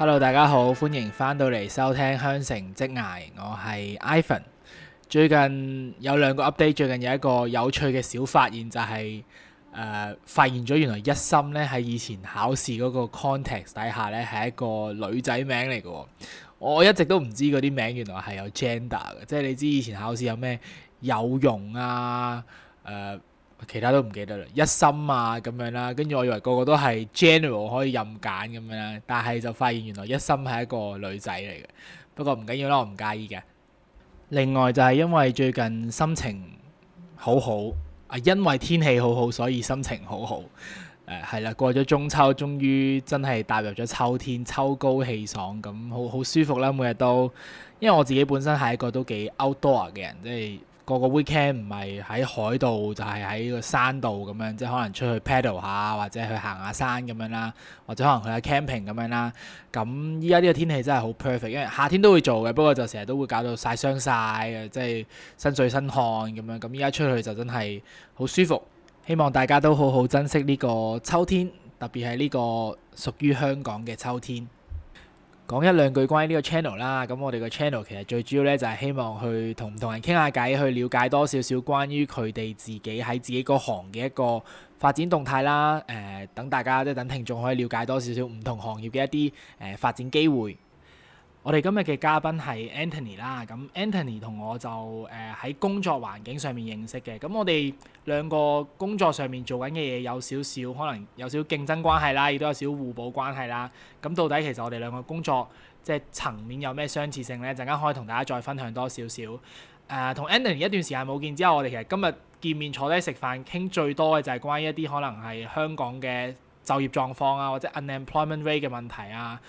Hello，大家好，歡迎翻到嚟收聽香城職涯，我係 Ivan。最近有兩個 update，最近有一個有趣嘅小發現，就係、是、誒、呃、發現咗原來一心咧，喺以前考試嗰個 context 底下咧係一個女仔名嚟嘅。我一直都唔知嗰啲名原來係有 gender 嘅，即係你知以前考試有咩有用啊誒。呃其他都唔記得啦，一心啊咁樣啦，跟住我以為個個都係 general 可以任揀咁樣啦，但係就發現原來一心係一個女仔嚟嘅，不過唔緊要啦，我唔介意嘅。另外就係因為最近心情好好，啊因為天氣好好，所以心情好好。誒係啦，過咗中秋，終於真係踏入咗秋天，秋高氣爽咁，好好舒服啦，啊。每日都，因為我自己本身係一個都幾 outdoor 嘅人，即係。個個 weekend 唔係喺海度，就係喺個山度咁樣，即係可能出去 paddle 下，或者去行下山咁樣啦，或者可能去下 camping 咁樣啦。咁依家呢個天氣真係好 perfect，因為夏天都會做嘅，不過就成日都會搞到晒傷晒，啊，即係身水身汗咁樣。咁依家出去就真係好舒服，希望大家都好好珍惜呢個秋天，特別係呢個屬於香港嘅秋天。講一兩句關於呢個 channel 啦，咁我哋個 channel 其實最主要咧就係希望去同唔同人傾下偈，去了解多少少關於佢哋自己喺自己個行嘅一個發展動態啦。誒、呃，等大家即係等聽眾可以了解多少少唔同行業嘅一啲誒、呃，發展機會。我哋今日嘅嘉賓係 Anthony 啦，咁 Anthony 同我就誒喺、呃、工作環境上面認識嘅，咁我哋兩個工作上面做緊嘅嘢有少少可能有少少競爭關係啦，亦都有少少互補關係啦。咁到底其實我哋兩個工作即係層面有咩相似性呢？陣間可以同大家再分享多少少。誒、呃，同 Anthony 一段時間冇見之後，我哋其實今日見面坐低食飯傾最多嘅就係關於一啲可能係香港嘅就業狀況啊，或者 unemployment rate 嘅問題啊。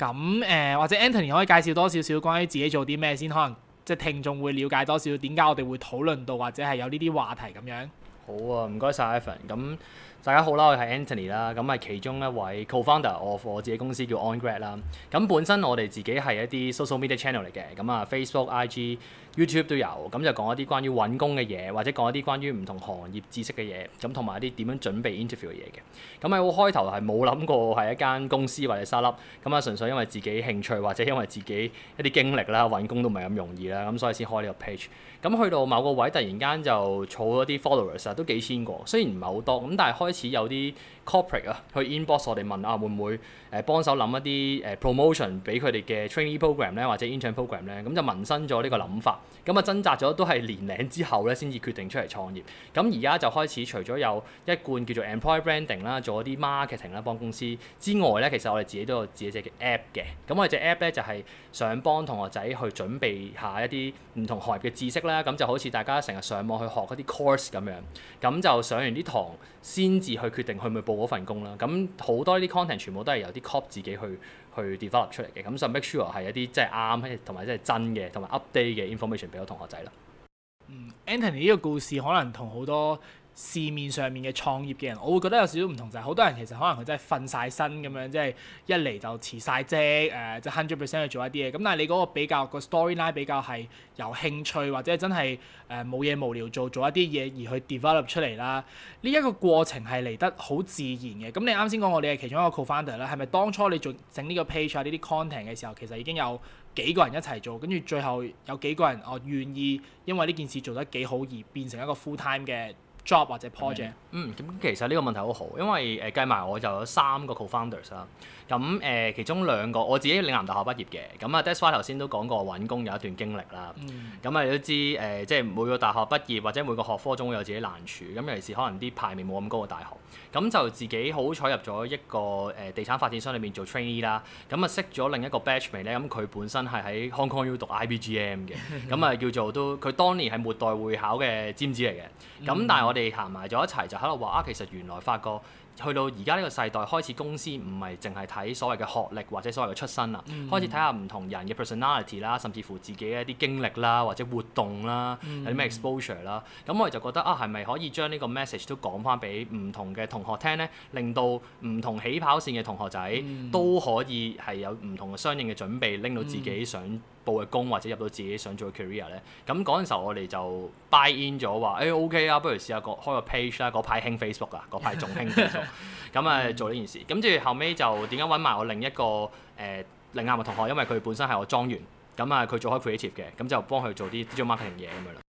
咁誒、呃，或者 Anthony 可以介紹多少少關於自己做啲咩先，可能即係聽眾會了解多少？點解我哋會討論到或者係有呢啲話題咁樣？好啊，唔該晒，Evan 咁。Evan，大家好啦，我係 Anthony 啦，咁啊其中一位 co-founder，我我自己公司叫 OnGrad 啦。咁本身我哋自己係一啲 social media channel 嚟嘅，咁啊 Facebook、IG、YouTube 都有，咁就講一啲關於揾工嘅嘢，或者講一啲關於唔同行業知識嘅嘢，咁同埋一啲點樣準備 interview 嘅嘢嘅。咁喺我開頭係冇諗過係一間公司或者 startup，咁啊純粹因為自己興趣或者因為自己一啲經歷啦，揾工都唔係咁容易啦，咁所以先開呢個 page。咁去到某個位，突然間就儲咗啲 followers 啊，都幾千個，雖然唔係好多，咁但係開。開始有啲。Corporate 啊，去 inbox 我哋問啊，會唔會誒、呃、幫手諗一啲誒 promotion 俾佢哋嘅 training program 咧，或者 intern program 咧？咁就萌生咗呢個諗法。咁啊，掙扎咗都係年零之後咧，先至決定出嚟創業。咁而家就開始除咗有一貫叫做 employer branding 啦，做一啲 marketing 啦，幫公司之外咧，其實我哋自己都有自己隻嘅 app 嘅。咁我哋隻 app 咧就係想幫同學仔去準備一下一啲唔同行業嘅知識啦。咁就好似大家成日上網去學嗰啲 course 咁樣。咁就上完啲堂先至去決定去唔去報。嗰份工啦，咁好多呢啲 content 全部都係由啲 cop 自己去去 develop 出嚟嘅，咁就 make sure 係一啲即係啱，同埋即係真嘅，同埋 update 嘅 information 俾到同學仔啦。Anthony 呢個故事可能同好多。市面上面嘅創業嘅人，我會覺得有少少唔同，就係好多人其實可能佢真係瞓晒身咁樣，即係一嚟就辭晒職，誒，即係 hundred percent 去做一啲嘢。咁但係你嗰個比較個 storyline 比較係由興趣或者真係誒冇嘢無聊做做一啲嘢而去 develop 出嚟啦。呢一個過程係嚟得好自然嘅。咁你啱先講，我哋係其中一個 co-founder 啦，係咪當初你做整呢個 page 啊，呢啲 content 嘅時候，其實已經有幾個人一齊做，跟住最後有幾個人我願意因為呢件事做得幾好而變成一個 full-time 嘅？job 或者 project，嗯，咁其實呢個問題好好，因為誒計埋我就有三個 co-founders 啦，咁誒、呃、其中兩個我自己嶺南大學畢業嘅，咁啊 Desire 頭先都講過揾工有一段經歷啦，咁啊、嗯、都知誒、呃、即係每個大學畢業或者每個學科總會有自己難處，咁尤其是可能啲排名冇咁高嘅大學，咁就自己好彩入咗一個誒、呃、地產發展商裏面做 trainee 啦，咁啊識咗另一個 batch mate 嚟咧、啊，咁佢本身係喺 Hong Kong U 讀 IBGM 嘅，咁啊、嗯嗯嗯、叫做都佢當年係末代會考嘅尖子嚟嘅，咁但係我哋、嗯。嗯哋行埋咗一齊就喺度話啊，其實原來發覺去到而家呢個世代開始公司唔係淨係睇所謂嘅學歷或者所謂嘅出身啦，嗯、開始睇下唔同人嘅 personality 啦，甚至乎自己嘅一啲經歷啦、或者活動啦，有啲咩 exposure 啦、嗯，咁我哋就覺得啊，係咪可以將呢個 message 都講翻俾唔同嘅同學聽咧，令到唔同起跑線嘅同學仔、嗯、都可以係有唔同嘅相應嘅準備，拎到自己想報嘅工或者入到自己想做嘅 career 咧，咁嗰陣時候我哋就 buy in 咗話，誒、欸、OK 啊，不如試下個開個 page 啦，嗰排興 Facebook 啊，嗰排仲興 Facebook，咁啊，face 啊做呢件事，咁跟住後尾就點解揾埋我另一個誒、呃、另一嘅同學，因為佢本身係我莊園，咁啊佢做開 creative 嘅，咁就幫佢做啲 digital marketing 嘢咁樣啦。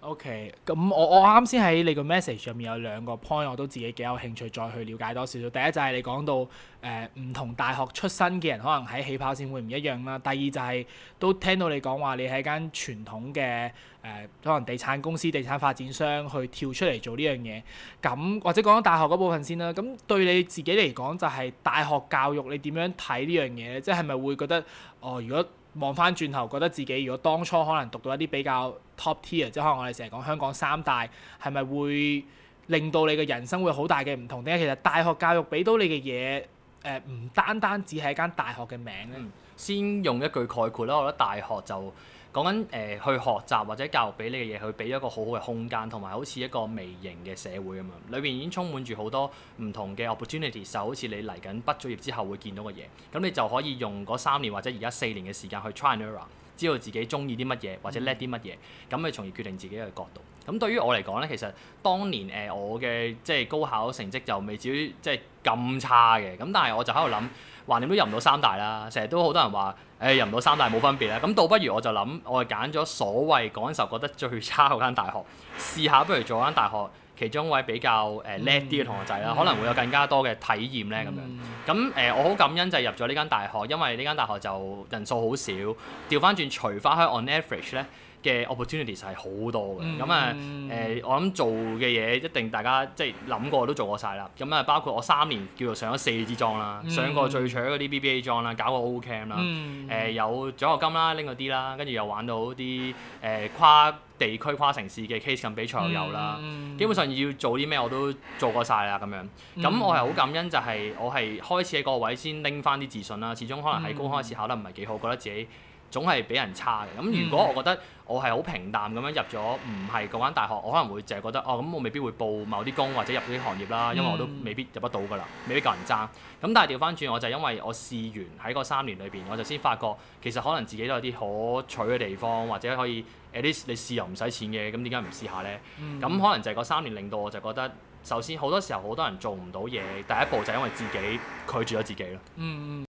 O.K. 咁我我啱先喺你個 message 入面有兩個 point 我都自己幾有興趣再去了解多少少。第一就係你講到誒、呃、唔同大學出身嘅人可能喺起跑線會唔一樣啦。第二就係都聽到你講話你喺間傳統嘅誒、呃、可能地產公司、地產發展商去跳出嚟做呢樣嘢。咁或者講緊大學嗰部分先啦。咁對你自己嚟講就係大學教育你點樣睇呢樣嘢咧？即係咪會覺得哦、呃？如果望翻轉頭覺得自己如果當初可能讀到一啲比較 Top tier 即係可能我哋成日講香港三大，係咪會令到你嘅人生會好大嘅唔同？點解其實大學教育俾到你嘅嘢，誒、呃、唔單單只係一間大學嘅名咧、嗯？先用一句概括啦，我覺得大學就講緊誒、呃、去學習或者教育俾你嘅嘢，去俾一個好好嘅空間，同埋好似一個微型嘅社會咁樣，裏邊已經充滿住好多唔同嘅 opportunity，就好似你嚟緊畢咗業之後會見到嘅嘢。咁你就可以用嗰三年或者而家四年嘅時間去 try and learn 知道自己中意啲乜嘢或者叻啲乜嘢，咁你、嗯、從而決定自己嘅角度。咁對於我嚟講咧，其實當年誒、呃、我嘅即係高考成績就未至於即係咁差嘅。咁但係我就喺度諗，橫掂都入唔到三大啦。成日都好多人話，誒、欸、入唔到三大冇分別啦。咁倒不如我就諗，我係揀咗所謂嗰陣時候覺得最差嗰間大學，試下不如做間大學。其中一位比較誒叻啲嘅同學仔啦，嗯、可能會有更加多嘅體驗咧咁、嗯、樣。咁誒、呃，我好感恩就係入咗呢間大學，因為呢間大學就人數好少，調翻轉除翻去。On average 咧，嘅 opportunities 係好多嘅，咁啊誒，我諗做嘅嘢一定大家即係諗過都做過晒啦。咁啊，包括我三年叫做上咗四支莊啦，嗯、上過最搶嗰啲 BBA 莊啦，搞過 O-Camp 啦，誒、嗯呃、有獎學金啦，拎嗰啲啦，跟住又玩到啲誒、呃、跨地區跨城市嘅 case 咁比賽又有啦。嗯嗯、基本上要做啲咩我都做過晒啦咁樣。咁、嗯、我係好感恩就係我係開始喺嗰個位先拎返啲自信啦。始終可能喺公開試考得唔係幾好，覺得自己。總係俾人差嘅。咁如果我覺得我係好平淡咁樣入咗唔係嗰間大學，我可能會淨係覺得哦，咁我未必會報某啲工或者入呢啲行業啦，因為我都未必入得到㗎啦，未必夠人爭。咁但係調翻轉，我就因為我試完喺嗰三年裏邊，我就先發覺其實可能自己都有啲可取嘅地方，或者可以 at least 你試又唔使錢嘅，咁點解唔試下咧？咁、嗯、可能就係嗰三年令到我就覺得，首先好多時候好多人做唔到嘢，第一步就係因為自己拒絕咗自己咯。嗯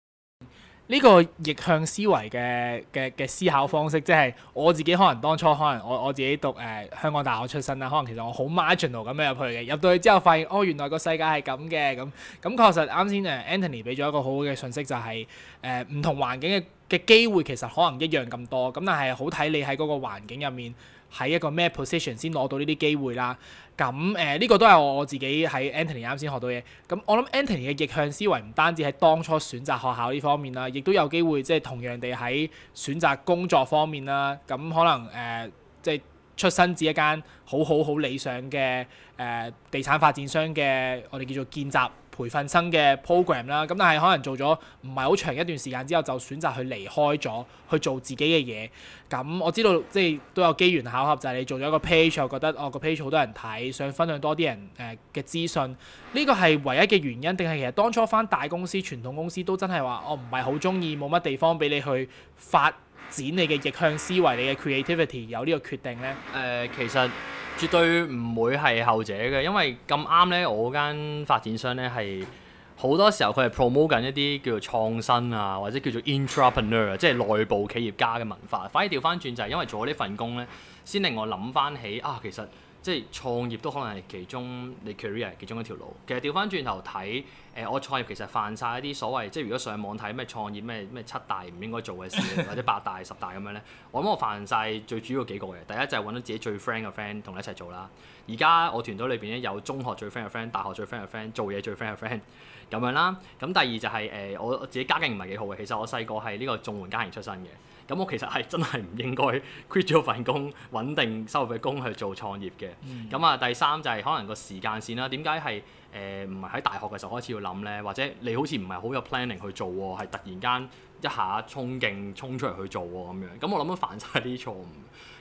呢個逆向思維嘅嘅嘅思考方式，即係我自己可能當初可能我我自己讀誒、呃、香港大學出身啦，可能其實我好 traditional 咁樣入去嘅，入到去之後發現，哦，原來個世界係咁嘅，咁咁確實啱先 Anthony 俾咗一個好好嘅信息，就係誒唔同環境嘅嘅機會其實可能一樣咁多，咁但係好睇你喺嗰個環境入面。喺一個咩 position 先攞到呢啲機會啦？咁誒呢個都係我自己喺 Anthony 啱先學到嘢。咁我諗 Anthony 嘅逆向思維唔單止係當初選擇學校呢方面啦，亦都有機會即係同樣地喺選擇工作方面啦。咁可能誒即係出身自一間好好好理想嘅誒、呃、地產發展商嘅我哋叫做見習。培訓生嘅 program 啦，咁但係可能做咗唔係好長一段時間之後，就選擇去離開咗去做自己嘅嘢。咁我知道即係都有機緣巧合，就係、是、你做咗個 page，我覺得我個、哦、page 好多人睇，想分享多啲人嘅資訊。呢、這個係唯一嘅原因，定係其實當初返大公司、傳統公司都真係話我唔係好鍾意，冇乜地方俾你去發展你嘅逆向思維、你嘅 creativity，有呢個決定呢？誒、呃，其實。絕對唔會係後者嘅，因為咁啱咧，我間發展商咧係好多時候佢係 promote 緊一啲叫做創新啊，或者叫做 entrepreneur，即係內部企業家嘅文化。反而調翻轉就係因為做咗呢份工咧，先令我諗翻起啊，其實。即係創業都可能係其中你 career 其中一條路。其實調翻轉頭睇，誒、呃、我創業其實犯晒一啲所謂，即係如果上網睇咩創業咩咩七大唔應該做嘅事，或者八大、十大咁樣咧，我諗我犯晒最主要幾個嘅。第一就係揾到自己最 friend 嘅 friend 同你一齊做啦。而家我團隊裏邊咧有中學最 friend 嘅 friend、大學最 friend 嘅 friend、做嘢最 friend 嘅 friend 咁樣啦。咁第二就係、是、誒、呃、我自己家境唔係幾好嘅，其實我細個係呢個綜援家庭出身嘅。咁我其實係真係唔應該 quit 咗份工，穩定收入嘅工去做創業嘅。咁啊、嗯，第三就係可能個時間線啦。點解係誒唔係喺大學嘅時候開始要諗呢？或者你好似唔係好有 planning 去做喎，係突然間一下衝勁衝出嚟去做喎咁樣。咁我諗翻反曬啲錯誤。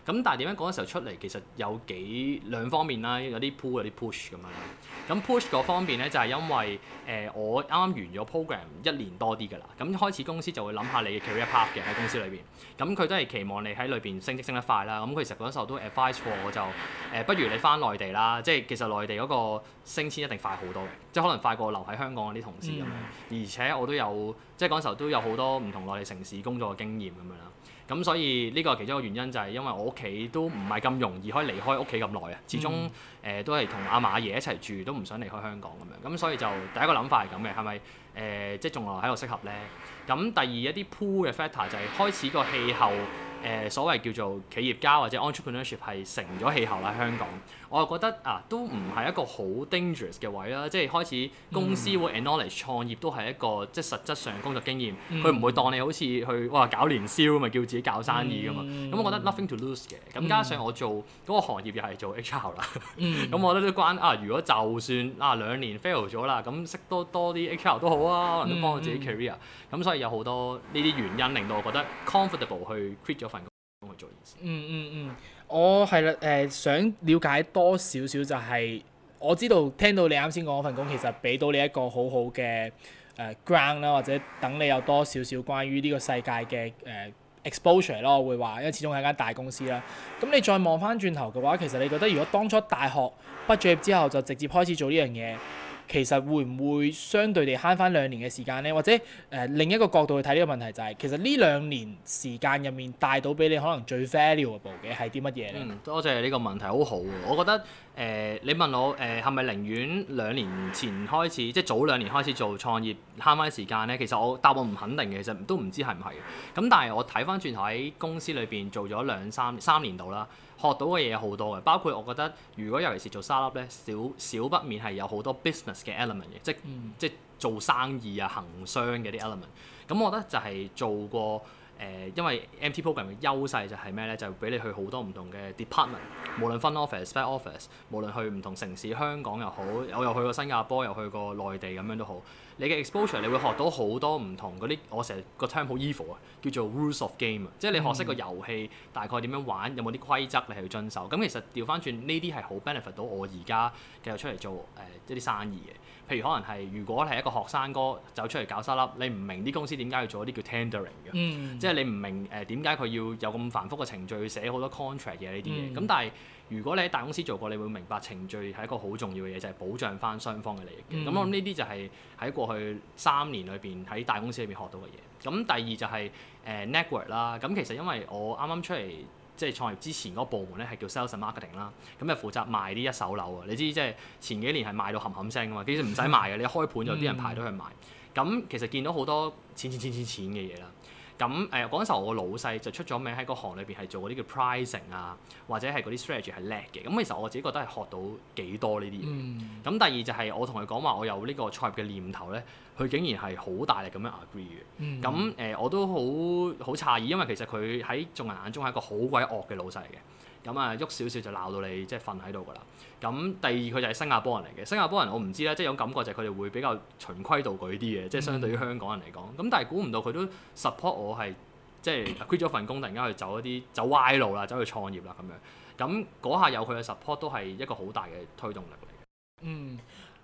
咁但係點樣嗰陣、那個、時候出嚟，其實有幾兩方面啦，有啲 pull 有啲 push 咁樣。咁 push 嗰方面咧就係、是、因為誒、呃、我啱啱完咗 program 一年多啲㗎啦，咁開始公司就會諗下你嘅 career path 嘅喺公司裏邊。咁佢都係期望你喺裏邊升職升得快啦。咁佢其實嗰陣時候都 advise 我就，就、呃、誒不如你翻內地啦。即係其實內地嗰、那個。升遷一定快好多嘅，即係可能快過留喺香港嗰啲同事咁樣，嗯、而且我都有即係嗰陣時候都有好多唔同內地城市工作嘅經驗咁樣啦。咁所以呢個其中一個原因就係因為我屋企都唔係咁容易可以離開屋企咁耐啊，始終誒、嗯呃、都係同阿嫲阿爺一齊住，都唔想離開香港咁樣。咁所以就第一個諗法係咁嘅，係咪誒即係仲留喺度適合咧？咁第二一啲 pull 嘅 factor 就係開始個氣候，誒、呃、所謂叫做企業家或者 entrepreneurship 係成咗氣候啦，香港。我又覺得啊，都唔係一個好 dangerous 嘅位啦，即係開始公司會 acknowledge 創業都係一個即係實質上工作經驗，佢唔、嗯、會當你好似去哇搞年宵咪叫自己搞生意噶嘛，咁、嗯嗯、我覺得 nothing to lose 嘅，咁加上我做嗰、那個行業又係做 HR 啦，咁、嗯 嗯、我覺得都關啊，如果就算啊兩年 fail 咗啦，咁識多多啲 HR 都好啊，可能都幫到自己 career，咁、嗯嗯嗯、所以有好多呢啲原因令到我覺得 comfortable 去 quit 咗份工去做件事、嗯。嗯嗯嗯。我係啦，誒、呃、想了解多少少就係，我知道聽到你啱先講嗰份工，其實俾到你一個好好嘅誒 ground 啦，或者等你有多少少關於呢個世界嘅誒、呃、exposure 咯。我會話因為始終係間大公司啦，咁你再望翻轉頭嘅話，其實你覺得如果當初大學畢咗業之後就直接開始做呢樣嘢？其實會唔會相對地慳翻兩年嘅時間呢？或者誒、呃、另一個角度去睇呢個問題，就係其實呢兩年時間入面帶到俾你可能最 valuable 嘅係啲乜嘢呢？多謝呢個問題，好好喎。我覺得誒、呃，你問我誒係咪寧願兩年前開始，即係早兩年開始做創業慳翻啲時間咧？其實我答我唔肯定嘅，其實都唔知係唔係。咁但係我睇翻轉頭，喺公司裏邊做咗兩三三年度啦。學到嘅嘢好多嘅，包括我覺得，如果尤其是做 start-up 呢，少少不免係有好多 business 嘅 element 嘅，即、嗯、即做生意啊、行商嘅啲 element。咁我覺得就係做過。誒，因為 MT program 嘅優勢就係咩咧？就俾、是、你去好多唔同嘅 department，無論分 office、fair office，無論去唔同城市，香港又好，我又去過新加坡，又去過內地咁樣都好。你嘅 exposure，你會學到好多唔同嗰啲，我成日個 term 好 evil 啊，叫做 rules of game 啊，即係你學識個遊戲、嗯、大概點樣玩，有冇啲規則你係要遵守。咁其實調翻轉呢啲係好 benefit 到我而家繼續出嚟做誒一啲生意嘅。譬如可能係如果係一個學生哥走出嚟搞沙粒，你唔明啲公司點解要做一啲叫 tendering 嘅，嗯即係你唔明誒點解佢要有咁繁複嘅程序去寫好多 contract 嘅呢啲嘢？咁、嗯、但係如果你喺大公司做過，你會明白程序係一個好重要嘅嘢，就係、是、保障翻雙方嘅利益咁、嗯、我諗呢啲就係喺過去三年裏邊喺大公司裏邊學到嘅嘢。咁第二就係、是、誒、呃、network 啦。咁其實因為我啱啱出嚟即係創業之前嗰部門咧係叫 sales marketing 啦，咁就負責賣啲一手樓啊。你知即係、就是、前幾年係賣到冚冚聲㗎嘛，其實唔使賣嘅，你一開盤就啲人排到去買。咁、嗯嗯、其實見到好多錢，錢錢錢錢錢嘅嘢啦。咁誒嗰陣時候，我老細就出咗名喺個行裏邊係做嗰啲叫 pricing 啊，或者係嗰啲 strategy 係叻嘅。咁其實我自己覺得係學到幾多呢啲嘢。咁、嗯、第二就係我同佢講話，我有呢個創業嘅念頭咧，佢竟然係好大力咁樣 agree 嘅。咁誒、嗯，我都好好詫異，因為其實佢喺眾人眼中係一個好鬼惡嘅老細嚟嘅。咁啊，喐少少就鬧到你，即係瞓喺度噶啦。咁第二佢就係新加坡人嚟嘅，新加坡人我唔知咧，即係有種感覺就係佢哋會比較循規蹈矩啲嘅，即係、嗯、相對於香港人嚟講。咁但係估唔到佢都 support 我係即係 quit 咗份工，突然間去走一啲走歪路啦，走去創業啦咁樣。咁嗰下有佢嘅 support 都係一個好大嘅推動力嚟嘅。嗯，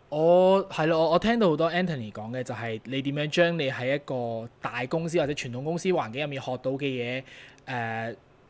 我係咯，我我聽到好多 Anthony 講嘅就係、是、你點樣將你喺一個大公司或者傳統公司環境入面學到嘅嘢，誒、呃。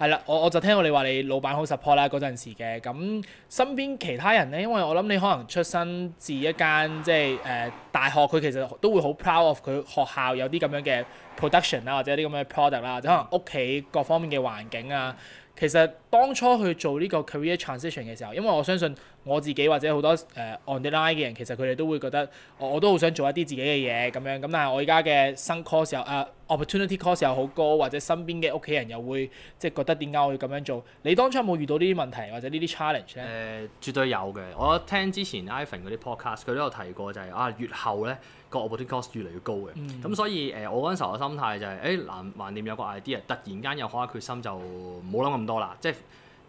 係啦，我我就聽過你話你老闆好 support 啦，嗰陣時嘅，咁身邊其他人咧？因為我諗你可能出身自一間即係誒大學，佢其實都會好 proud of 佢學校有啲咁樣嘅 production 啦，或者有啲咁嘅 product 啦，或者可能屋企各方面嘅環境啊。其實當初去做呢個 career transition 嘅時候，因為我相信我自己或者好多誒、呃、on the line 嘅人，其實佢哋都會覺得我，我都好想做一啲自己嘅嘢咁樣，咁但係我而家嘅新 course 時候誒。呃 Opportunity cost 又好高，或者身邊嘅屋企人又會即係覺得點解我要咁樣做？你當初有冇遇到呢啲問題或者挑戰呢啲 challenge 咧？誒、呃，絕對有嘅。我聽之前 Ivan 嗰啲 podcast，佢都有提過就係、是、啊，越後咧個 opportunity cost 越嚟越高嘅。咁、嗯、所以誒、呃，我嗰陣時候嘅心態就係、是、誒，橫掂有個 idea，突然間有下決心就冇諗咁多啦，即係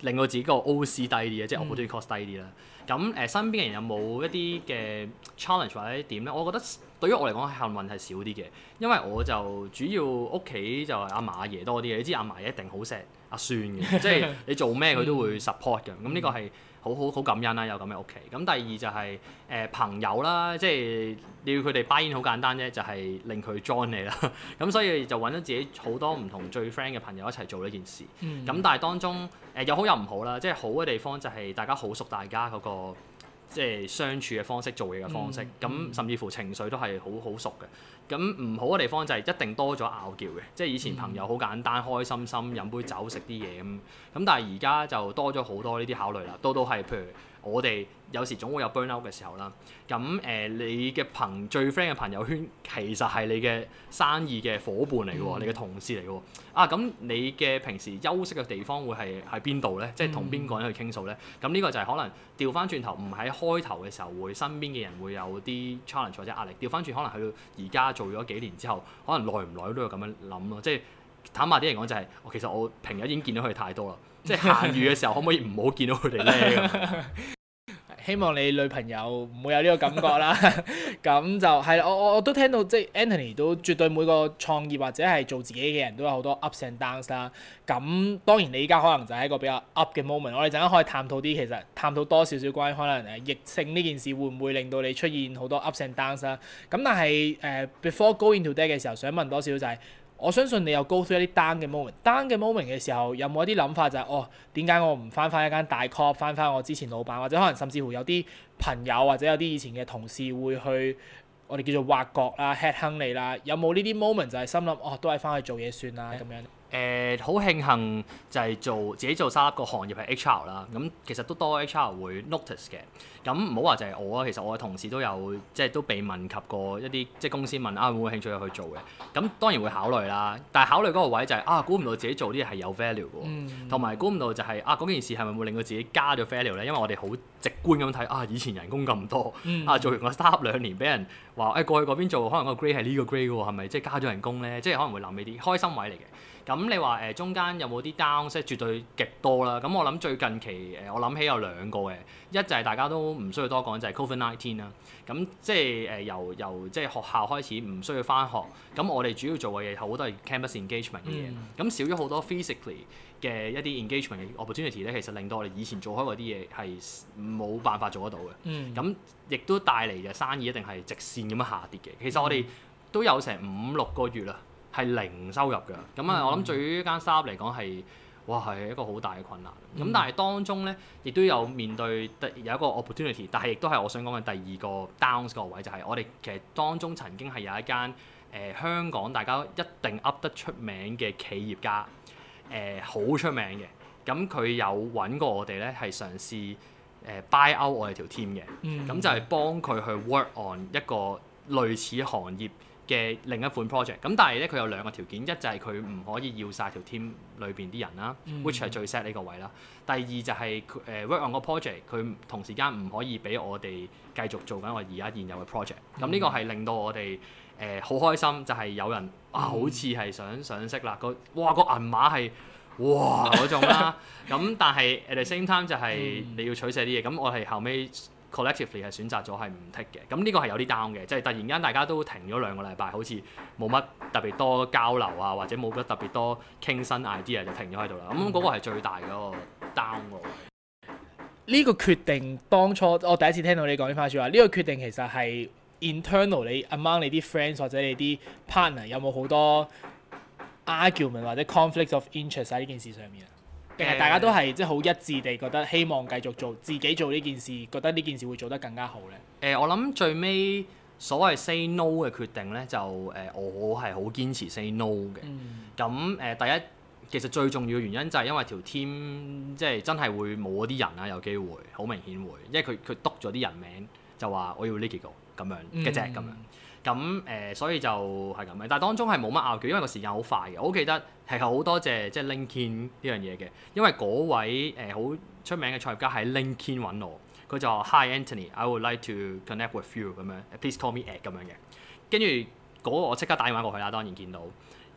令到自己個 OC 低啲嘅，即係、嗯、opportunity cost 低啲啦。咁誒、呃，身邊嘅人有冇一啲嘅 challenge 或者點咧？我覺得。對於我嚟講，幸運係少啲嘅，因為我就主要屋企就係阿嫲阿爺多啲嘅。你知阿嫲一定好錫阿孫嘅， 即係你做咩佢都會 support 嘅。咁呢 個係好好好感恩啦，有咁嘅屋企。咁第二就係、是、誒、呃、朋友啦，即係你要佢哋 buy in 好簡單啫，就係令佢 join 你啦。咁 所以就揾咗自己好多唔同最 friend 嘅朋友一齊做呢件事。咁 但係當中誒、呃、有好有唔好啦，即係好嘅地方就係大家好熟，大家嗰、那個。即係相處嘅方式、做嘢嘅方式，咁、嗯、甚至乎情緒都係好好熟嘅。咁唔好嘅地方就係一定多咗拗撬嘅，即係以前朋友好簡單、開開心心飲杯酒、食啲嘢咁。咁但係而家就多咗好多呢啲考慮啦，都都係譬如。我哋有時總會有 burnout 嘅時候啦。咁誒、呃，你嘅朋最 friend 嘅朋友圈其實係你嘅生意嘅伙伴嚟嘅喎，嗯、你嘅同事嚟嘅喎。啊，咁你嘅平時休息嘅地方會係喺邊度咧？即係同邊個人去傾訴咧？咁呢、嗯、個就係可能調翻轉頭，唔喺開頭嘅時候會身邊嘅人會有啲 challenge 或者壓力。調翻轉可能去到而家做咗幾年之後，可能耐唔耐都會咁樣諗咯。即、就、係、是、坦白啲嚟講、就是，就係我其實我平日已經見到佢太多啦。即係閒語嘅時候， 可唔可以唔好見到佢哋咧？ 希望你女朋友唔會有呢個感覺啦。 咁就係我我我都聽到，即、就、係、是、Anthony 都絕對每個創業或者係做自己嘅人都有好多 ups and downs 啦。咁當然你依家可能就係一個比較 up 嘅 moment。我哋陣間可以探討啲，其實探討多少少關於可能誒疫情呢件事會唔會令到你出現好多 ups and downs 啦。咁但係誒、呃、before going to that 嘅時候，想問多少少就係、是。我相信你又 go through 一啲 down 嘅 moment，down 嘅 moment 嘅時候有冇一啲諗法就係、是、哦，點解我唔翻翻一間大 company 翻翻我之前老闆或者可能甚至乎有啲朋友或者有啲以前嘅同事會去我哋叫做挖角啦、head hunt 你啦，有冇呢啲 moment 就係心諗哦，都係翻去做嘢算啦咁樣。誒好、呃、慶幸就係做自己做 start-up 個行業係 H R 啦，咁、嗯、其實都多 H R 會 notice 嘅。咁唔好話就係我啊，其實我嘅同事都有即係都被問及過一啲即係公司問啊，會唔會有興趣去做嘅？咁、嗯、當然會考慮啦，但係考慮嗰個位就係、是、啊，估唔到自己做啲嘢係有 value 嘅，同埋估唔到就係、是、啊嗰件事係咪會令到自己加咗 value 咧？因為我哋好直觀咁睇啊，以前人工咁多啊，做完個 start-up 兩年，俾人話誒、哎、過去嗰邊做，可能個 grade 係呢個 grade 嘅喎，係咪即係加咗人工咧？即係可能會諗起啲開心位嚟嘅。咁你話誒、呃、中間有冇啲 down？即係絕對極多啦。咁我諗最近期誒、呃，我諗起有兩個嘅，一就係大家都唔需要多講，就係、是、COVID-19 啦。咁即係誒由由即係學校開始唔需要返學。咁我哋主要做嘅嘢好多係 campus engagement 嘅嘢。咁、嗯、少咗好多 physically 嘅一啲 engagement opportunity 咧，其實令到我哋以前做開嗰啲嘢係冇辦法做得到嘅。咁亦都帶嚟嘅生意一定係直線咁樣下跌嘅。其實我哋都有成五六個月啦。係零收入㗎，咁、嗯、啊，嗯、我諗對於呢間 startup 嚟講係，哇係一個好大嘅困難。咁、嗯、但係當中咧，亦都有面對第有一個 opportunity，但係亦都係我想講嘅第二個 down 嗰位，就係、是、我哋其實當中曾經係有一間誒、呃、香港大家一定噏得出名嘅企業家，誒、呃、好出名嘅，咁、嗯、佢、嗯、有揾過我哋咧，係嘗試誒、呃、buy out 我哋條 team 嘅，咁、嗯、就係幫佢去 work on 一個類似行業嘅另一款 project，咁但係咧佢有兩個條件，一就係佢唔可以要晒條 team 裏邊啲人啦、嗯、，which 係最 set 呢個位啦。第二就係佢誒 work on 個 project，佢同時間唔可以俾我哋繼續做緊我而家現，現有嘅 project。咁呢、嗯、個係令到我哋誒好開心，就係、是、有人、嗯、啊，好似係想上色啦個，哇個銀碼係哇嗰種啦。咁但係 at the same time 就係、是嗯、你要取捨啲嘢，咁我係後尾。collectively 係選擇咗係唔剔嘅，咁呢個係有啲 down 嘅，即係突然間大家都停咗兩個禮拜，好似冇乜特別多交流啊，或者冇乜特別多傾新 idea 就停咗喺度啦。咁嗰、嗯、個係最大嗰個 down 喎。呢個決定當初我第一次聽到你講呢番說話，呢、這個決定其實係 internal 你 among 你啲 friends 或者你啲 partner 有冇好多 argument 或者 conflict of interest 喺呢件事上面？其實大家都係即係好一致地覺得希望繼續做自己做呢件事，覺得呢件事會做得更加好咧。誒、呃，我諗最尾所謂 say no 嘅決定咧，就誒、呃、我係好堅持 say no 嘅。咁誒、嗯呃，第一其實最重要嘅原因就係因為條 team 即係真係會冇嗰啲人啦、啊，有機會好明顯會，因為佢佢篤咗啲人名就話我要呢幾個咁樣嘅啫，咁、嗯、樣。咁誒、呃，所以就係咁嘅。但係當中係冇乜拗撬，因為個時間好快嘅。我好記得係好多謝即係 LinkedIn 呢樣嘢嘅，因為嗰位誒好、呃、出名嘅創業家係 LinkedIn 揾我，佢就話、mm hmm. Hi Anthony，I would like to connect with you，咁樣，please call me at 咁樣嘅。跟住嗰個我即刻打電話過去啦，當然見到。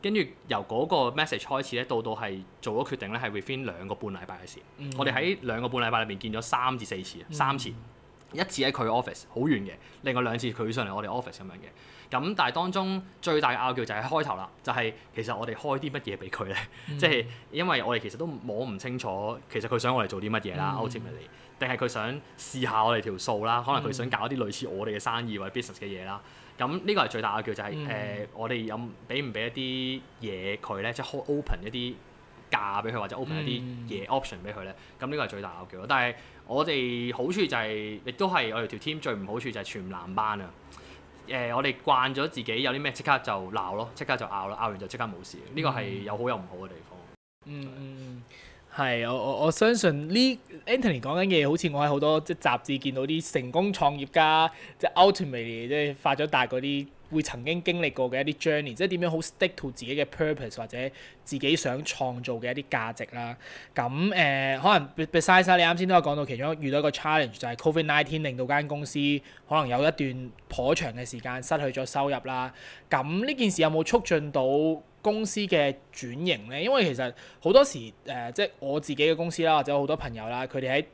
跟住由嗰個 message 開始咧，到到係做咗決定咧，係 review 兩個半禮拜嘅事。Mm hmm. 我哋喺兩個半禮拜裏邊見咗三至四次，mm hmm. 三次。一次喺佢 office 好遠嘅，另外兩次佢上嚟我哋 office 咁樣嘅，咁但係當中最大嘅拗撬就係開頭啦，就係、是、其實我哋開啲乜嘢俾佢咧，即係、嗯、因為我哋其實都摸唔清楚，其實佢想我哋做啲乜嘢啦，ultimately，定係佢想試下我哋條數啦，可能佢想搞一啲類似我哋嘅生意或者 business 嘅嘢啦，咁呢、嗯、個係最大拗撬就係、是、誒、嗯呃、我哋有俾唔俾一啲嘢佢咧，即係 open 一啲。嫁俾佢或者 open 一啲嘢、嗯、option 俾佢咧，咁呢個係最大嘅機會。但係我哋好處就係、是，亦都係我哋條 team 最唔好處就係全男班啊。誒、呃，我哋慣咗自己有啲咩，即刻就鬧咯，即刻就拗啦，拗完就即刻冇事。呢個係有好有唔好嘅地方。嗯，係對我我我相信呢 Anthony 講緊嘢，好似我喺好多即係雜誌見到啲成功創業家，即、就、係、是、ultimately 即係發咗大嗰啲。會曾經經歷過嘅一啲 journey，即係點樣好 stick to 自己嘅 purpose 或者自己想創造嘅一啲價值啦。咁誒、呃，可能 besides 你啱先都有講到，其中遇到一個 challenge 就係、是、Covid nineteen 令到間公司可能有一段頗長嘅時間失去咗收入啦。咁呢件事有冇促進到公司嘅轉型呢？因為其實好多時誒、呃，即係我自己嘅公司啦，或者好多朋友啦，佢哋喺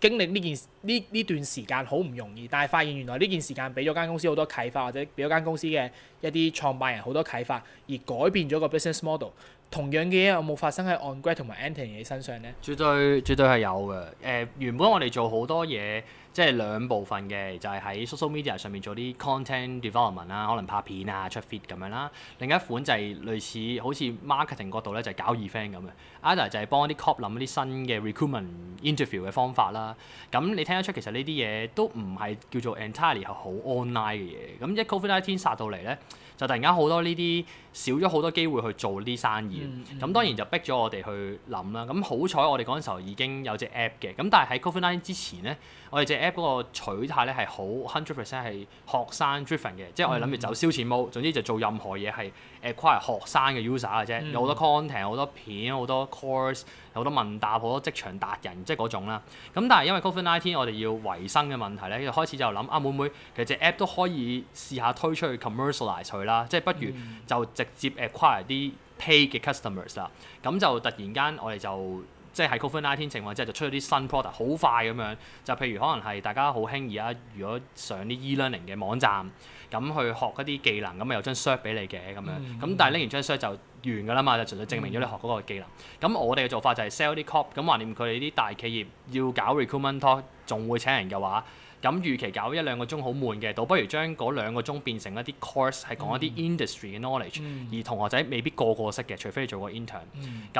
經歷呢件呢呢段時間好唔容易，但係發現原來呢件事俾咗間公司好多啟發，或者俾咗間公司嘅一啲創辦人好多啟發，而改變咗個 business model。同樣嘅嘢有冇發生喺 Ongrad 同埋 Anthony 嘅身上呢？絕對絕對係有嘅。誒、呃，原本我哋做好多嘢。即係兩部分嘅，就係喺 social media 上面做啲 content development 啦，可能拍片啊、出 fit 咁樣啦、啊。另一款就係類似好似 marketing 度咧，就係、是、搞 e v e r r a l 咁嘅。Ada 就係幫啲 cop 一啲新嘅 recruitment interview 嘅方法啦。咁你聽得出其實呢啲嘢都唔係叫做 entirely 係好 online 嘅嘢。咁一 covid nineteen 殺到嚟咧，就突然間好多呢啲少咗好多機會去做呢啲生意。咁、嗯嗯、當然就逼咗我哋去諗啦。咁好彩我哋嗰時候已經有隻 app 嘅。咁但係喺 covid nineteen 之前咧，我哋隻 app。嗰個取態咧係好 hundred percent 係學生 driven 嘅，嗯、即係我哋諗住走燒錢 mode，總之就做任何嘢係 acquire 學生嘅 user 嘅啫。嗯、有好多 content，好多片，好多 course，有好多問答，好多職場達人，即係嗰種啦。咁但係因為 COVID-19 我哋要維生嘅問題咧，就開始就諗啊妹妹，會唔會其實隻 app 都可以試下推出去 commercialize 佢啦，嗯、即係不如就直接 acquire 啲 pay 嘅 customers 啦。咁就突然間我哋就～即係喺 COVID-19 情況之下，就出咗啲新 product，好快咁樣。就譬如可能係大家好興而家，如果上啲 e-learning 嘅網站咁去學一啲技能，咁啊有張 cert 俾你嘅咁樣。咁但係拎完張 cert 就完㗎啦嘛，就純粹證明咗你學嗰個技能。咁、嗯嗯、我哋嘅做法就係 sell 啲 cop。咁懷念佢哋啲大企業要搞 recruitment talk，仲會請人嘅話。咁預期搞一兩個鐘好悶嘅，嗯、倒不如將嗰兩個鐘變成一啲 course，係講一啲 industry 嘅 knowledge，嗯、而同學仔未必個個識嘅，除非你做過 intern。咁、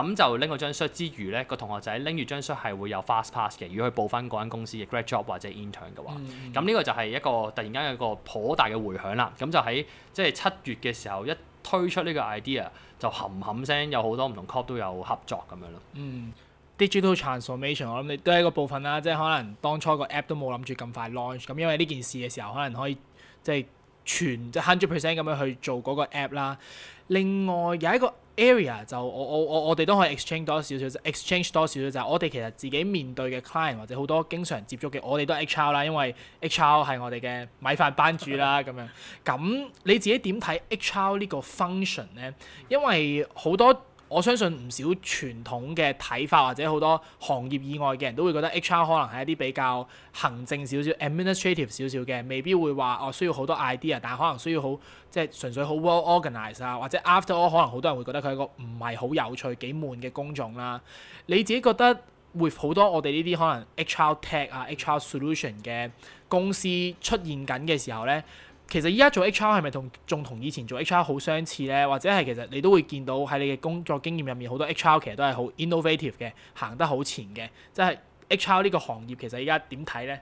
嗯、就拎個張 shirt 之餘咧，個同學仔拎住張 shirt 係會有 fast pass 嘅。如果佢報翻嗰間公司嘅 grad job 或者 intern 嘅話，咁呢、嗯、個就係一個突然間有個頗大嘅迴響啦。咁就喺即係七月嘅時候一推出呢個 idea，就冚冚聲有好多唔同 club 都有合作咁樣咯。嗯 Digital transformation 我諗你都係一個部分啦，即係可能當初個 app 都冇諗住咁快 launch，咁因為呢件事嘅時候可能可以即係全即係 hundred percent 咁樣去做嗰個 app 啦。另外有一個 area 就我我我我哋都可以 ex 多 exchange 多少少，就 exchange 多少少就我哋其實自己面對嘅 client 或者好多經常接觸嘅，我哋都係 HR 啦，因為 HR 係我哋嘅米飯班主啦咁樣。咁你自己點睇 HR 呢個 function 咧？因為好多。我相信唔少傳統嘅睇法或者好多行業以外嘅人都會覺得 HR 可能係一啲比較行政少少、administrative 少少嘅，未必會話哦需要好多 idea，但係可能需要好即係純粹好 well organised 啊，或者 after all 可能好多人會覺得佢係個唔係好有趣、幾悶嘅工種啦。你自己覺得 with 好多我哋呢啲可能 HR tech 啊、HR solution 嘅公司出現緊嘅時候呢。其實依家做 HR 係咪同仲同以前做 HR 好相似呢？或者係其實你都會見到喺你嘅工作經驗入面好多 HR 其實都係好 innovative 嘅，行得好前嘅。即係 HR 呢個行業其實依家點睇呢？誒、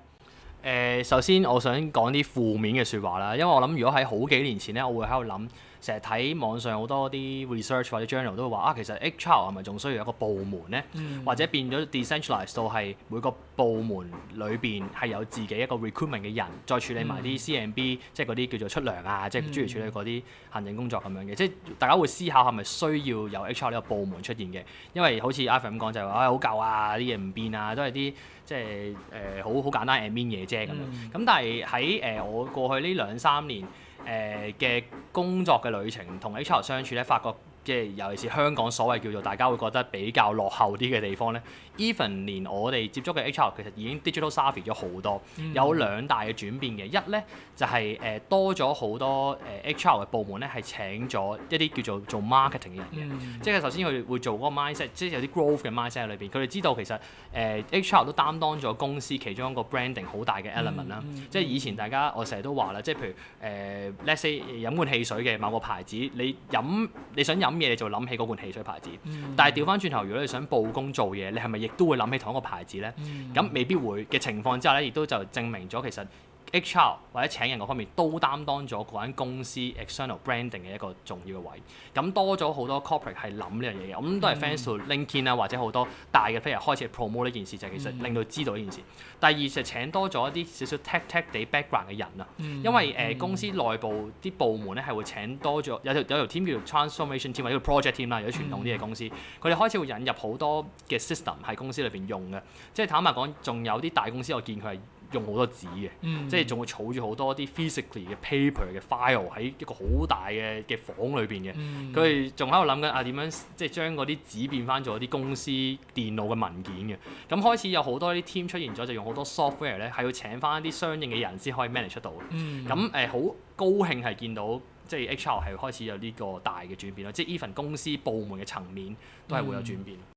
呃，首先我想講啲負面嘅説話啦，因為我諗如果喺好幾年前呢，我會喺度諗。成日睇網上好多啲 research 或者 journal 都會話啊，其實 HR 係咪仲需要有個部門咧？嗯、或者變咗 decentralized 到係每個部門裏邊係有自己一個 recruitment 嘅人，再處理埋啲 C&B、嗯、即係嗰啲叫做出糧啊，嗯、即係主要處理嗰啲行政工作咁樣嘅，即係大家會思考係咪需要有 HR 呢個部門出現嘅？因為好似 Ivan 咁講就係話啊，好、哎、舊啊，啲嘢唔變啊，都係啲即係誒好好簡單嘅 admin 嘢啫咁樣。咁、嗯、但係喺誒我過去呢兩三年。誒嘅、呃、工作嘅旅程，同 HR 相處咧，發覺即係尤其是香港所謂叫做大家會覺得比較落後啲嘅地方咧。Even 連我哋接觸嘅 HR 其實已經 digital savvy 咗好多，嗯、有兩大嘅轉變嘅，一咧就係、是、誒多咗好多誒 HR 嘅部門咧係請咗一啲叫做做 marketing 嘅人嘅，嗯、即係首先佢哋會做個 mindset，即係有啲 growth 嘅 mindset 裏邊佢哋知道其實誒、呃、HR 都擔當咗公司其中一個 branding 好大嘅 element 啦、嗯，嗯、即係以前大家我成日都話啦，即係譬如誒、呃、let's say 飲罐汽水嘅某個牌子，你飲你想飲嘢你就諗起嗰罐汽水牌子，嗯、但係調翻轉頭，如果你想報工做嘢，你係咪？亦都會諗起同一個牌子咧，咁、嗯、未必會嘅情況之下咧，亦都就證明咗其實。HR 或者請人嗰方面都擔當咗嗰間公司 external branding 嘅一個重要嘅位，咁多咗好多 corporate 係諗呢樣嘢嘅，咁、嗯、都係 fans link in 啊，或者好多大嘅 firm 開始 promote 呢件事，就係、是、其實令到知道呢件事。嗯、第二就係、是、請多咗一啲少少 tech-tech day background 嘅人啦，嗯、因為誒、嗯呃、公司內部啲部門咧係會請多咗有條有條 team 叫 transformation team 或者 project team 啦，如果傳統啲嘅公司，佢哋、嗯、開始會引入好多嘅 system 喺公司裏邊用嘅，即係坦白講，仲有啲大公司我見佢係。用好多紙嘅，即係仲會儲住好多啲 physically 嘅 paper 嘅 file 喺一個好大嘅嘅房裏邊嘅。佢哋仲喺度諗緊啊，點樣即係將嗰啲紙變翻做一啲公司電腦嘅文件嘅。咁開始有好多啲 team 出現咗，就用好多 software 咧，係要請翻一啲相應嘅人先可以 manage 到。咁誒好高興係見到即係、就是、HR 係開始有呢個大嘅轉變咯，即係 even 公司部門嘅層面都係會有轉變。嗯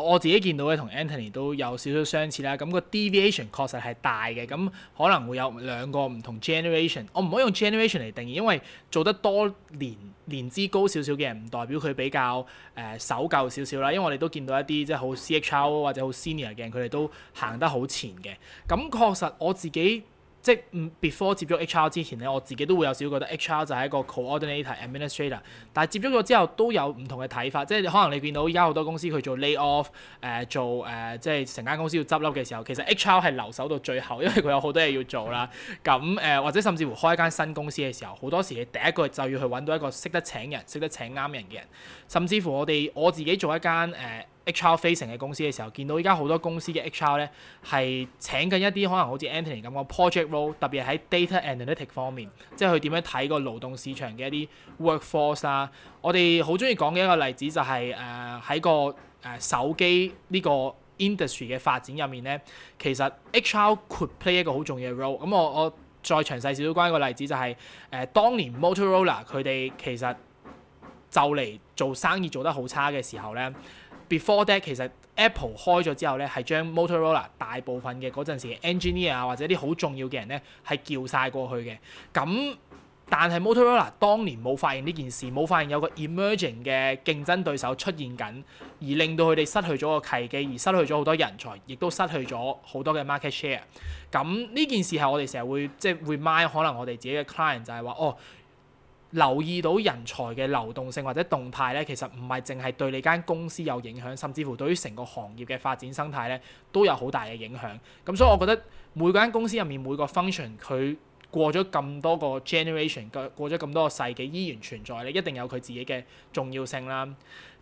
我自己見到嘅同 Anthony 都有少少相似啦。咁、嗯嗰個 deviation 確實係大嘅，咁、嗯、可能會有兩個唔同 generation。我唔可以用 generation 嚟定義，因為做得多年年資高少少嘅人，唔代表佢比較誒守、呃、舊少少啦。因為我哋都見到一啲即係好 CHO 或者好 senior 嘅人，佢哋都行得好前嘅。咁、嗯、確實我自己。即係 before 接觸 HR 之前咧，我自己都會有少少覺得 HR 就係一個 coordinator administrator，但係接觸咗之後都有唔同嘅睇法，即係你可能你見到而家好多公司佢做 lay off，誒、呃、做誒、呃、即係成間公司要執笠嘅時候，其實 HR 係留守到最後，因為佢有好多嘢要做啦。咁誒，或、呃、者甚至乎開一間新公司嘅時候，好多時你第一個月就要去揾到一個識得請人、識得請啱人嘅人，甚至乎我哋我自己做一間誒，呃 H.R. facing 嘅公司嘅時候，見到依家好多公司嘅 H.R. 咧係請緊一啲可能好似 Anthony 咁嘅 project role，特別喺 data analytics 方面，即係佢點樣睇個勞動市場嘅一啲 workforce 啊。我哋好中意講嘅一個例子就係誒喺個誒、呃、手機呢個 industry 嘅發展入面咧，其實 H.R. could play 一個好重要嘅 role。咁我我再詳細少少講一個例子，就是，就係誒當年 Motorola 佢哋其實就嚟做生意做得好差嘅時候咧。Before that，其實 Apple 開咗之後咧，係將 Motorola 大部分嘅嗰陣時嘅 engineer 啊，或者啲好重要嘅人咧，係叫晒過去嘅。咁但係 Motorola 當年冇發現呢件事，冇發現有個 emerging 嘅競爭對手出現緊，而令到佢哋失去咗個契機，而失去咗好多人才，亦都失去咗好多嘅 market share。咁呢件事係我哋成日會即係會 remind 可能我哋自己嘅 client 就係話哦。Oh, 留意到人才嘅流動性或者動態咧，其實唔係淨係對你間公司有影響，甚至乎對於成個行業嘅發展生態咧都有好大嘅影響，咁所以我覺得每間公司入面每個 function，佢過咗咁多個 generation，過過咗咁多個世紀依然存在咧，一定有佢自己嘅重要性啦。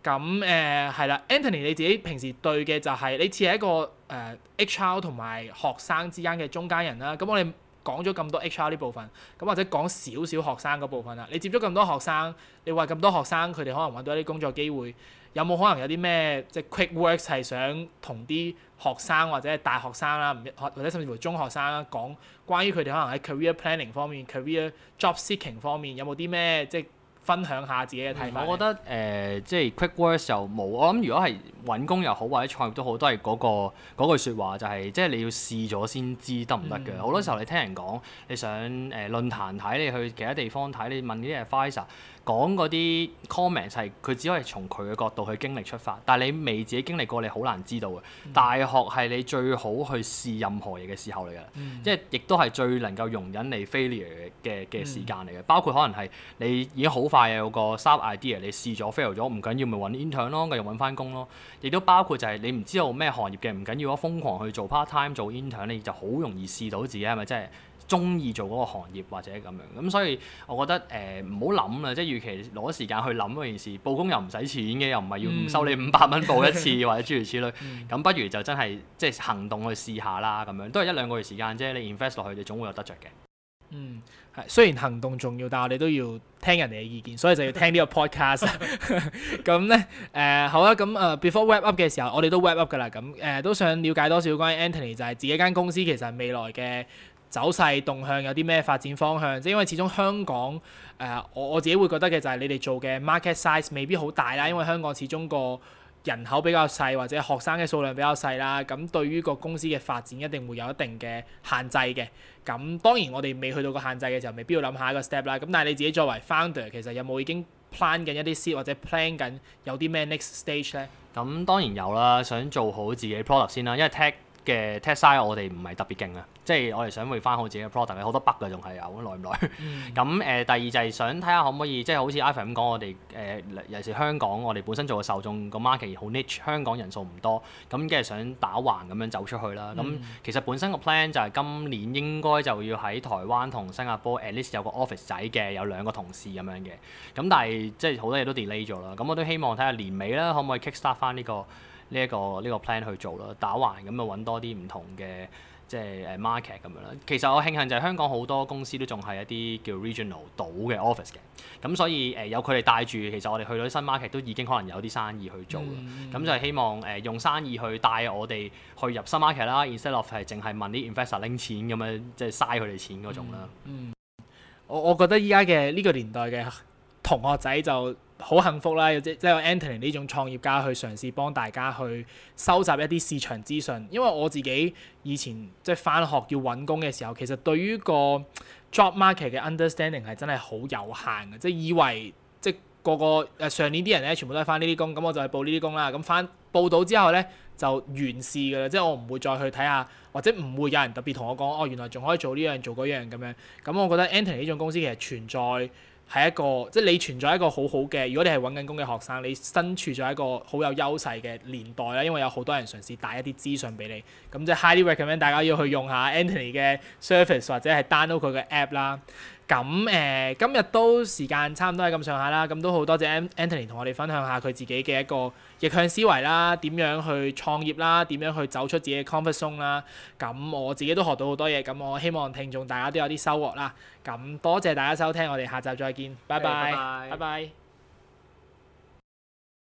咁誒係啦，Anthony，你自己平時對嘅就係、是、你似係一個誒、呃、HR 同埋學生之間嘅中間人啦。咁我哋。講咗咁多 HR 呢部分，咁或者講少少學生嗰部分啦。你接咗咁多學生，你話咁多學生佢哋可能揾到一啲工作機會，有冇可能有啲咩即係 QuickWorks 係想同啲學生或者係大學生啦、啊，學或者甚至乎中學生啦、啊、講關於佢哋可能喺 career planning 方面、career job seeking 方面有冇啲咩即係？分享下自己嘅睇法，嗯。嗯、我覺得誒、呃，即係 quick words 又冇。我諗如果係揾工又好，或者創業都好，都係嗰、那個、句説話，就是，就係即係你要試咗先知得唔得嘅。好、嗯、多時候你聽人講，你想誒、呃、論壇睇，你去其他地方睇，你問啲 adviser 講嗰啲 comment 就係佢只可以從佢嘅角度去經歷出發，但係你未自己經歷過，你好難知道嘅。大學係你最好去試任何嘢嘅時候嚟㗎，即係亦都係最能夠容忍你 failure 嘅嘅嘅時間嚟嘅。包括可能係你已經好快有個 sub idea，你試咗 fail 咗，唔緊要，咪揾 intern 咯，繼續揾翻工咯。亦都包括就係你唔知道咩行業嘅，唔緊要，我瘋狂去做 part time 做 intern，你就好容易試到自己係咪真係中意做嗰個行業或者咁樣，咁、嗯、所以我覺得誒唔好諗啦，即係預期攞時間去諗嗰件事，報工又唔使錢嘅，又唔係要收你五百蚊報一次 或者諸如此類，咁、 嗯、不如就真係即係行動去試下啦，咁樣都係一兩個月時間啫，你 invest 落去，你總會有得着嘅。嗯，係雖然行動重要，但係我哋都要聽人哋嘅意見，所以就要聽呢個 podcast。咁咧誒好啦，咁誒、呃、before wrap up 嘅時候，我哋都 wrap up 噶啦，咁、嗯、誒、呃呃、都想了解多少關於 Anthony 就係自己間公司其實，其實未來嘅。走勢動向有啲咩發展方向？即因為始終香港誒，我、呃、我自己會覺得嘅就係你哋做嘅 market size 未必好大啦，因為香港始終個人口比較細，或者學生嘅數量比較細啦。咁對於個公司嘅發展一定會有一定嘅限制嘅。咁當然我哋未去到個限制嘅時候，未必要諗下一個 step 啦。咁但係你自己作為 founder，其實有冇已經 plan 緊一啲 seat 或者 plan 緊有啲咩 next stage 咧？咁當然有啦，想做好自己 product 先啦，因為 tech 嘅 test size 我哋唔係特別勁啊，即係我哋想回翻好自己嘅 product 好多 bug 嘅仲係好耐唔耐？咁誒、嗯呃，第二就係想睇下可唔可以，即係好似 Ivan 咁講，我哋誒、呃、尤其是香港，我哋本身做嘅受眾個 market 好 niche，香港人數唔多，咁嘅想打橫咁樣走出去啦。咁、嗯、其實本身個 plan 就係今年應該就要喺台灣同新加坡 at least 有個 office 仔嘅，有兩個同事咁樣嘅。咁但係即係好多嘢都 delay 咗啦。咁我都希望睇下年尾啦，可唔可以 kick start 翻、這、呢個？呢一個呢個 plan 去做咯，打橫咁就揾多啲唔同嘅即係 market 咁樣啦。其實我慶幸就係香港好多公司都仲係一啲叫 regional 島嘅 office 嘅，咁所以誒、呃、有佢哋帶住，其實我哋去到新 market 都已經可能有啲生意去做啦。咁、嗯、就希望誒、呃、用生意去帶我哋去入新 market 啦，instead of 係淨係問啲 investor 拎錢咁樣即係嘥佢哋錢嗰種啦。嗯嗯、我我覺得依家嘅呢個年代嘅同學仔就～好幸福啦！即即有 Anthony 呢種創業家去嘗試幫大家去收集一啲市場資訊，因為我自己以前即係返學要揾工嘅時候，其實對於個 job market 嘅 understanding 係真係好有限嘅，即係以為即係個個上年啲人咧全部都係返呢啲工，咁我就係報呢啲工啦。咁返報到之後呢，就完事㗎啦，即係我唔會再去睇下，或者唔會有人特別同我講哦，原來仲可以做呢樣做嗰樣咁樣。咁我覺得 Anthony 呢種公司其實存在。係一個，即係你存在一個好好嘅，如果你係揾緊工嘅學生，你身處咗一個好有優勢嘅年代啦，因為有好多人嘗試帶一啲資訊俾你，咁即係 highly recommend 大家要去用下 Anthony 嘅 service 或者係 download 佢嘅 app 啦。咁誒、呃，今日都時間差唔多係咁上下啦，咁都好多謝 Anthony 同我哋分享下佢自己嘅一個逆向思維啦，點樣去創業啦，點樣去走出自己嘅 comfort zone 啦。咁我自己都學到好多嘢，咁我希望聽眾大家都有啲收穫啦。咁多謝大家收聽，我哋下集再見，拜拜，拜拜。